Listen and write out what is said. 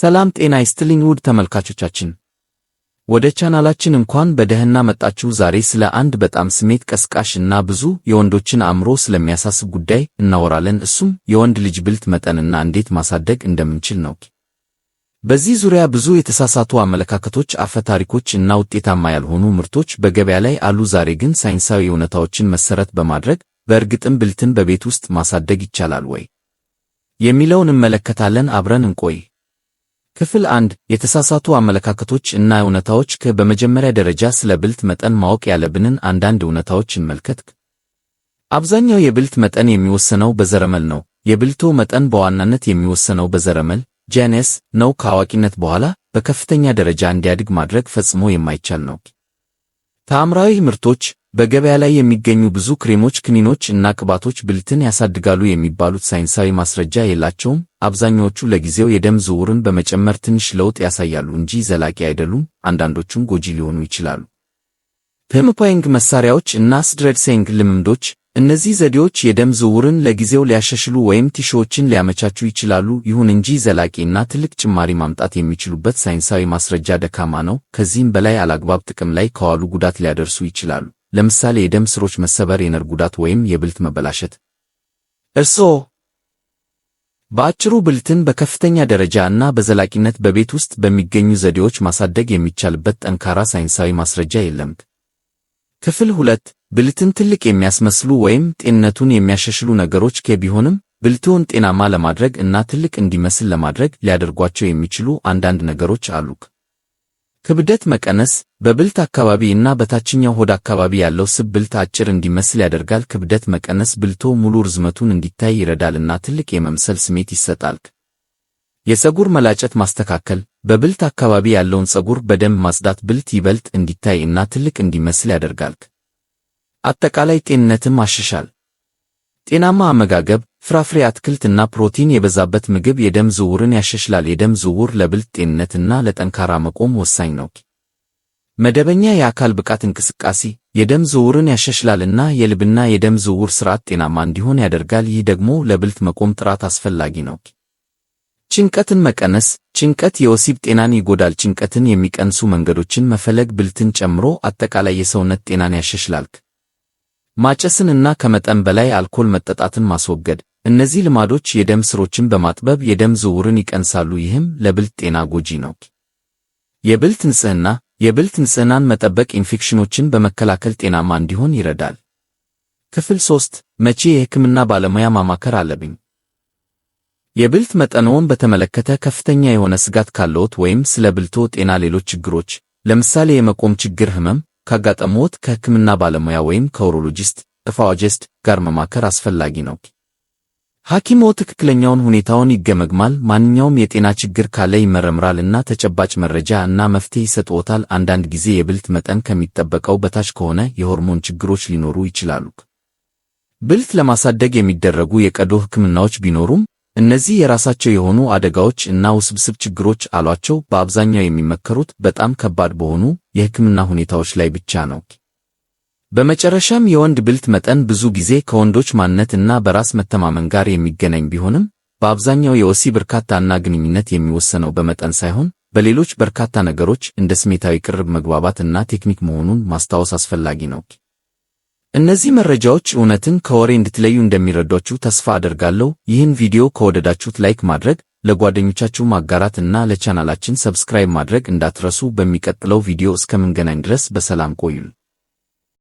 ሰላም ጤና ይስጥልኝ ውድ ተመልካቾቻችን፣ ወደ ቻናላችን እንኳን በደህና መጣችሁ። ዛሬ ስለ አንድ በጣም ስሜት ቀስቃሽ እና ብዙ የወንዶችን አእምሮ ስለሚያሳስብ ጉዳይ እናወራለን። እሱም የወንድ ልጅ ብልት መጠንና እንዴት ማሳደግ እንደምንችል ነው። በዚህ ዙሪያ ብዙ የተሳሳቱ አመለካከቶች፣ አፈ ታሪኮች እና ውጤታማ ያልሆኑ ምርቶች በገበያ ላይ አሉ። ዛሬ ግን ሳይንሳዊ እውነታዎችን መሰረት በማድረግ በእርግጥም ብልትን በቤት ውስጥ ማሳደግ ይቻላል ወይ የሚለውን እንመለከታለን። አብረን እንቆይ። ክፍል አንድ የተሳሳቱ አመለካከቶች እና እውነታዎች ከ በመጀመሪያ ደረጃ ስለ ብልት መጠን ማወቅ ያለብንን አንዳንድ እውነታዎች እንመልከት። አብዛኛው የብልት መጠን የሚወሰነው በዘረመል ነው። የብልቱ መጠን በዋናነት የሚወሰነው በዘረመል ጄነስ ነው። ከአዋቂነት በኋላ በከፍተኛ ደረጃ እንዲያድግ ማድረግ ፈጽሞ የማይቻል ነው። ተአምራዊ ምርቶች በገበያ ላይ የሚገኙ ብዙ ክሬሞች፣ ክኒኖች እና ቅባቶች ብልትን ያሳድጋሉ የሚባሉት ሳይንሳዊ ማስረጃ የላቸውም። አብዛኛዎቹ ለጊዜው የደም ዝውውርን በመጨመር ትንሽ ለውጥ ያሳያሉ እንጂ ዘላቂ አይደሉም። አንዳንዶቹም ጎጂ ሊሆኑ ይችላሉ። ፔምፓይንግ መሳሪያዎች እና ስትሬትሴንግ ልምምዶች እነዚህ ዘዴዎች የደም ዝውውርን ለጊዜው ሊያሻሽሉ ወይም ቲሾዎችን ሊያመቻቹ ይችላሉ። ይሁን እንጂ ዘላቂና ትልቅ ጭማሪ ማምጣት የሚችሉበት ሳይንሳዊ ማስረጃ ደካማ ነው። ከዚህም በላይ አላግባብ ጥቅም ላይ ከዋሉ ጉዳት ሊያደርሱ ይችላሉ። ለምሳሌ የደም ስሮች መሰበር፣ የነርቭ ጉዳት ወይም የብልት መበላሸት። እርሶ በአጭሩ ብልትን በከፍተኛ ደረጃ እና በዘላቂነት በቤት ውስጥ በሚገኙ ዘዴዎች ማሳደግ የሚቻልበት ጠንካራ ሳይንሳዊ ማስረጃ የለም። ክፍል ሁለት ብልትን ትልቅ የሚያስመስሉ ወይም ጤንነቱን የሚያሻሽሉ ነገሮች ከቢሆንም ብልትዎን ጤናማ ለማድረግ እና ትልቅ እንዲመስል ለማድረግ ሊያደርጓቸው የሚችሉ አንዳንድ ነገሮች አሉክ። ክብደት መቀነስ በብልት አካባቢ እና በታችኛው ሆድ አካባቢ ያለው ስብ ብልት አጭር እንዲመስል ያደርጋል። ክብደት መቀነስ ብልቶ ሙሉ ርዝመቱን እንዲታይ ይረዳል እና ትልቅ የመምሰል ስሜት ይሰጣል። የፀጉር መላጨት ማስተካከል በብልት አካባቢ ያለውን ፀጉር በደንብ ማጽዳት ብልት ይበልጥ እንዲታይ እና ትልቅ እንዲመስል ያደርጋል። አጠቃላይ ጤንነትም አሽሻል። ጤናማ አመጋገብ ፍራፍሬ፣ አትክልትና ፕሮቲን የበዛበት ምግብ የደም ዝውውርን ያሻሽላል። የደም ዝውውር ለብልት ጤንነትና ለጠንካራ መቆም ወሳኝ ነው። መደበኛ የአካል ብቃት እንቅስቃሴ የደም ዝውውርን ያሻሽላልና የልብና የደም ዝውውር ስርዓት ጤናማ እንዲሆን ያደርጋል። ይህ ደግሞ ለብልት መቆም ጥራት አስፈላጊ ነው። ጭንቀትን መቀነስ ጭንቀት የወሲብ ጤናን ይጎዳል። ጭንቀትን የሚቀንሱ መንገዶችን መፈለግ ብልትን ጨምሮ አጠቃላይ የሰውነት ጤናን ያሻሽላል። ማጨስንና ከመጠን በላይ አልኮል መጠጣትን ማስወገድ። እነዚህ ልማዶች የደም ስሮችን በማጥበብ የደም ዝውውርን ይቀንሳሉ፣ ይህም ለብልት ጤና ጎጂ ነው። የብልት ንጽህና። የብልት ንጽህናን መጠበቅ ኢንፌክሽኖችን በመከላከል ጤናማ እንዲሆን ይረዳል። ክፍል ሶስት መቼ የህክምና ባለሙያ ማማከር አለብኝ? የብልት መጠንዎን በተመለከተ ከፍተኛ የሆነ ስጋት ካለዎት ወይም ስለ ብልቶ ጤና ሌሎች ችግሮች ለምሳሌ የመቆም ችግር፣ ህመም ካጋጠመዎት ከሕክምና ባለሙያ ወይም ከኡሮሎጂስት ፓቶሎጂስት ጋር መማከር አስፈላጊ ነው። ሐኪምዎ ትክክለኛውን ሁኔታውን ይገመግማል፣ ማንኛውም የጤና ችግር ካለ ይመረምራል እና ተጨባጭ መረጃ እና መፍትሄ ይሰጥዎታል። አንዳንድ ጊዜ የብልት መጠን ከሚጠበቀው በታች ከሆነ የሆርሞን ችግሮች ሊኖሩ ይችላሉ። ብልት ለማሳደግ የሚደረጉ የቀዶ ሕክምናዎች ቢኖሩም እነዚህ የራሳቸው የሆኑ አደጋዎች እና ውስብስብ ችግሮች አሏቸው። በአብዛኛው የሚመከሩት በጣም ከባድ በሆኑ የሕክምና ሁኔታዎች ላይ ብቻ ነው። በመጨረሻም የወንድ ብልት መጠን ብዙ ጊዜ ከወንዶች ማንነት እና በራስ መተማመን ጋር የሚገናኝ ቢሆንም በአብዛኛው የወሲብ እርካታና ግንኙነት የሚወሰነው በመጠን ሳይሆን በሌሎች በርካታ ነገሮች እንደ ስሜታዊ ቅርብ መግባባት እና ቴክኒክ መሆኑን ማስታወስ አስፈላጊ ነው። እነዚህ መረጃዎች እውነትን ከወሬ እንድትለዩ እንደሚረዷችሁ ተስፋ አደርጋለሁ። ይህን ቪዲዮ ከወደዳችሁት ላይክ ማድረግ፣ ለጓደኞቻችሁ ማጋራት እና ለቻናላችን ሰብስክራይብ ማድረግ እንዳትረሱ። በሚቀጥለው ቪዲዮ እስከምንገናኝ ድረስ በሰላም ቆዩን።